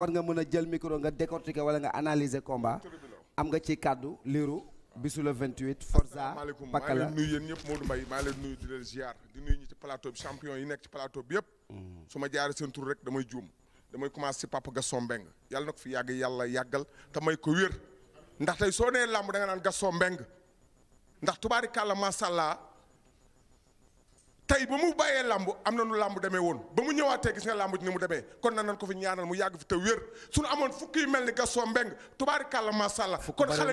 war nga mën a jël micro nga décortiquer wala nga analyser combat am nga ci kàddu liiru bisu le 28 Forza Pakala maa ngi ñëpp Modou Mbaye maa leen nuyu di leen ziar di nuyu ñi ci plateau bi champion yi nekk ci plateau bi yëpp mm. su ma jaaree seen tur rek damay juum damay commencé ci Papa Gaston Mbengue yàlla na ko fi yàgg yàlla yàggal te may ko wér ndax tey soo nee làmb da nga naan Gaston Mbengue ndax tubaari kàlla masàllaa tey ba mu bàyyee làmb am na nu làmb demee woon ba mu ñëwaatee gis nga làmb ji ni mu demee kon na nan ko fi ñaanal mu yàgg fi te wér suñu amoon fukki mel ni Gaston Mbengue tubaarikàlla macha allah kon xale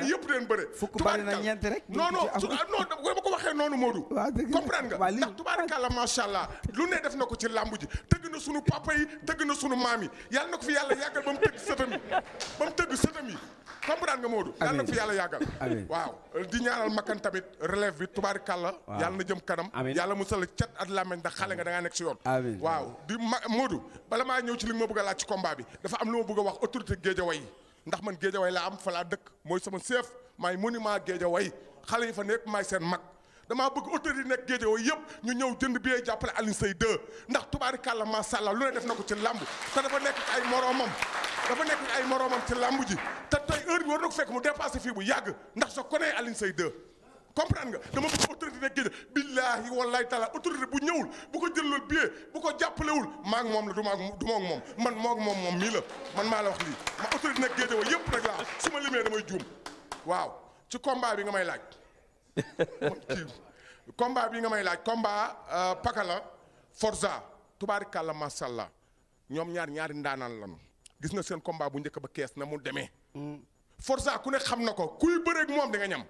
allah lu ne def na ko ci làmb ji tëgg na sunu papa yi tëgg na sunu maam yi yàlla na ko fi yàlla yàggal ba mu tëgg sëtam yi ba mu tëgg sëtam yi comprendre nga Modou yàlla na ko fi yàlla yàggal waaw di ñaanal makkan tamit relève bi tubaarikàlla yàlla na jëm kanam at làmmeñ ndax xale nga da ngaa nekk si yoon waaw di ma Modou bala maa ñëw ci li ma bëgg a laaj ci combat bi dafa am lu ma bëgg a wax autorité Guédiawaye yi ndax man Guédiawaye laa am fa dëkk mooy sama chef maa monument Guédiawaye xale yi fa nekk maay seen mag damaa bëgg autorité yi nekk Guédiawaye yëpp ñu ñëw jënd bi jàppale Alioune Seye 2 ndax tubaarikàlla macha allah lu ne def na ko ci làmb te dafa nekk ay moroomam dafa nekk ay moroomam ci làmb ji te tey heure bi war na ko fekk mu dépassé fii bu yàgg ndax je connais Alioune Seye 2 comprendre nga dama bëgg autorité nekk géej billaahi wallaahi taala autorité bu ñëwul bu ko jëlal billet bu ko jàppalewul maak moom la du maa du moom man moog moom moom mii la man maa la wax lii ma autorité nekk géej wa yëpp rek laa su ma limee damay juum waaw ci combat bi nga may laaj kii combat bi nga may laaj combat euh, pakala forza tubaarikàlla masàllaa ñoom ñaar ñaari ndaanaan lanu gis nga seen combat bu njëkk ba kees na mu demee mm. forza ku ne xam na ko kuy bëreeg moom di nga ñam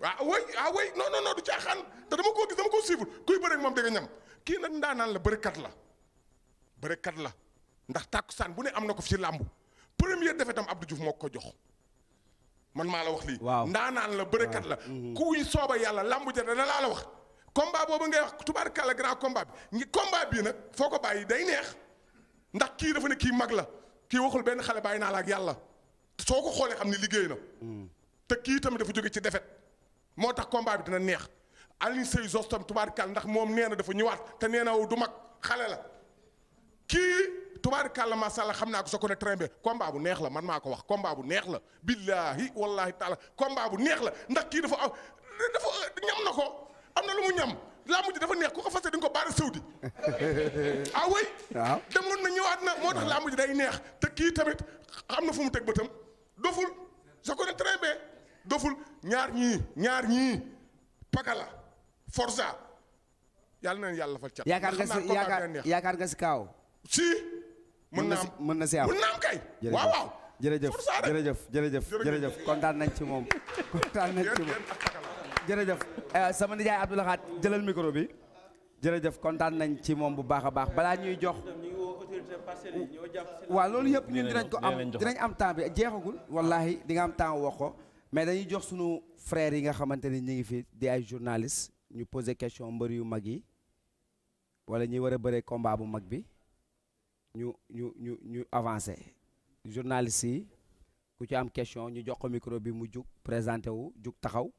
waaw way ah way ah, ah, non non non du caaxaan te dama koo gis dama koo suivre kuy bëre ak moom da ñam kii nag ndaanaan la bërekat la bërekat la ndax tàkkusaan bu ne am na ko fi ci làmb première défaite am Abdou Diouf moo ko jox man maa la wax lii. waaw ndaanaan la bërekat la. Mhm. kuy sooba yàlla làmb ja dana laa la wax. combat boobu ngay wax tubaarkàlla grand komba bi ñi combat bii nag foo ko bàyyi day neex ndax kii dafa ne kii mag la kii waxul benn xale bàyyi naa la ak yàlla soo ko xoolee xam ni liggéey na. Mhm. te kii tamit dafa jóge ci defet moo tax combat bi dina neex Alioune Seye Zoss tam tubaarkàll ndax moom nee na dafa ñëwaat te nee na du mag xale la kii tubaarkàll macha allah xam naa ko soo ko ne train bi bu neex la man maa ko wax combat bu neex la billaahi wallaahi taala combat bu neex la ndax kii dafa am ñam na ko am na lu mu ñam laa mujj dafa neex ku ko fase di ko baara sëw di ah way ah. waaw demoon na ñëwaat na moo tax ah. laa mujj day neex te kii tamit xam na fu mu teg bëtam doful soo doful ñaar ñii ñaar ñii pakala forza yàlla na yàlla fal cat. yaakaar nga si yaakaar yaakaar nga si kaaw. si. mën na mën na si am mën na am kay. waaw waaw jërëjëf jërëjëf jërëjëf jëf kontaan nañ ci moom kontaan nañ ci moom jërëjëf eh, sama nijaay Abdou Lahad jëlal micro bi jërëjëf kontaan nañ ci moom bu baax a baax balaa ñuy jox waaw loolu yëpp ñun dinañ ko am dinañ am temps bi jeexagul wallaahi di nga am temps wax ko mais dañuy jox sunu frères yi nga xamante ni ñu ngi fi di ay journalistes ñu poser question mbër yu mag yi wala ñi war a bëree combat bu mag bi ñu ñu ñu ñu avancé journalistes yi ku ci am question ñu jox ko micro bi mu jug présenté wu jug taxaw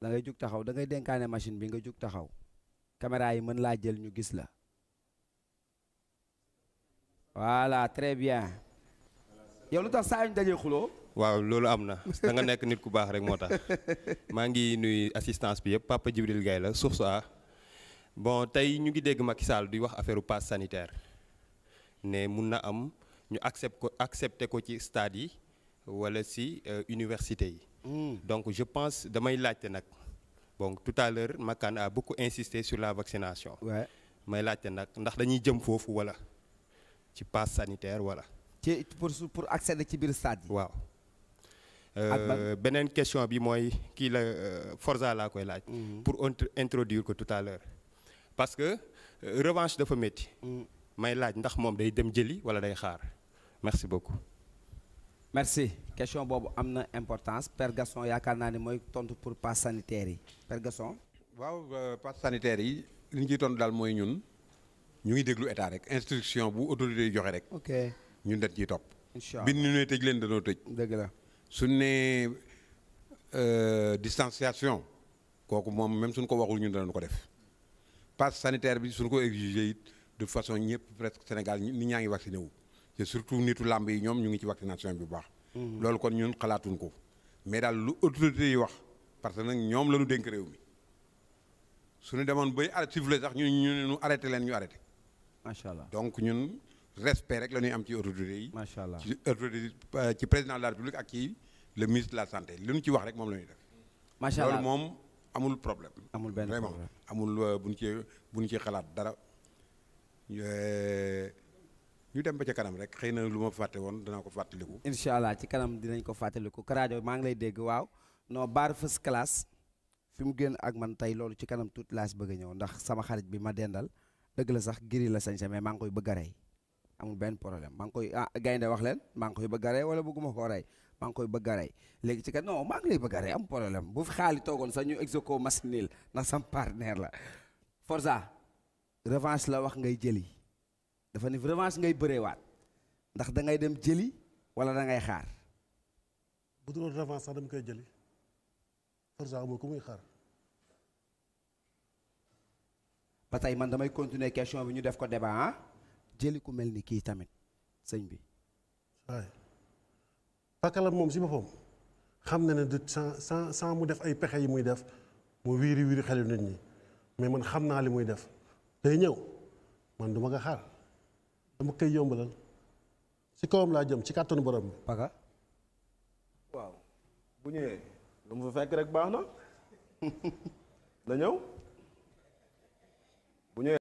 da ngay jug taxaw da ngay dénkaane machine bi nga jug taxaw caméra yi mën laa jël ñu gis la voilà très bien yow lu tax saa yu ñu dajee xuloo waaw loolu am na da nga nekk nit ku baax rek moo tax maa ngi nuyu assistance bi yëpp Papa Djibril gay la suuf saa bon tey ñu ngi dégg Macky Sall di wax affaire passe sanitaire ne mun na am ñu accept ko accepté ko ci stade yi wala si euh, université yi. Hmm. donc je pense damay laajte nag bon tout à l'heure Makan a beaucoup insisté sur la vaccination. may laajte nag ndax dañuy jëm foofu wala ci passe sanitaire wala. ci pour pour accéder ci biir stade yi. waaw. Euh, beneen question bi mooy kii la euh, Forza laa koy laaj. Mhm. pour introduire ko tout à l'heure parce que euh, revanche dafa métti. Mhm. may laaj ndax moom day dem jëli wala day xaar merci beaucoup. merci question boobu am na importance Père Gasson yaakaar naa ne mooy tontu pour passe sanitaire yi Père Gasson. waaw passe sanitaire yi li ñu ciy tontu daal mooy ñun ñu ngi déglu état rek instruction bu autorité yi joxe rek. ok. ñun dañ ciy topp. incha allah nu ñu nee tëj leen danoo tëj. la suñ nee euh, distanciation kooku moom même suñ ko waxul ñun danañ ko def passe sanitaire bi suñ ko exiger it de façon ñëpp presque Sénégal nit ñaa ngi vacciné wu. te surtout nitu làmb yi ñoom ñu ngi ci vaccination bi bu baax. Mhm. loolu kon ñun xalaatuñ ko. mais daal lu autorité yi wax parce que nag ñoom la ñu dénk réew mi suñu demoon bay arrêté sifflé sax ñu nu arrêté leen ñu arrêté. macha allah donc ñun. respect rek la ñuy am ci autorité yi. macha allah ci autorité euh, président de la république ak ci le ministre la santé li ñu ci wax rek moom la ñuy def. macha allah loolu moom amul problème. amul benn problème amul euh, bu ñu ci bu ñu xalaat dara. Euh, ñu dem ba ca kanam rek xëy na lu ma fàtte woon danaa ko fàttaliku. incha allah ci kanam dinañ ko fàttaliku Karajo maa ngi lay dégg waaw non baar first class fi mu génn ak man tey loolu ci kanam tout laa bëgg ñëw ndax sama xarit bi ma dendal dëgg la sax giri la sañ mais maa ngi koy bëgg amul benn problème maa ngi koy ah, gaynde wax leen maa ngi koy bëgg a rey wala bëgguma koo rey maa ngi koy bëgg a rey léegi ci kat non maa ngi lay bëgg a rey am problème bu fi xaali toogoon sax ñu execo masinil ndax sam partenaire la Forza revanche la wax ngay jëli dafa ni revanche ngay bëree waat ndax da ngay dem jëli wala da ngay xaar. bu dul revanche sax dama koy jëli Forza amul ku muy xaar. ba tey man damay continuer question bi ñu def ko débat ah? jëli ku mel ni kii tamit sëñ bi. waaye Pakala moom si boppam xam na ne du sans sans sans mu def ay pexe yi muy def mu wiiri wiiri xelu nit ñi mais man xam naa li muy def day ñëw man duma ko xar dama koy yombalal si kawam laa jëm ci kàttanu borom bi. Paka. waaw bu ñëwee lu mu fa fekk rek baax na na ñëw.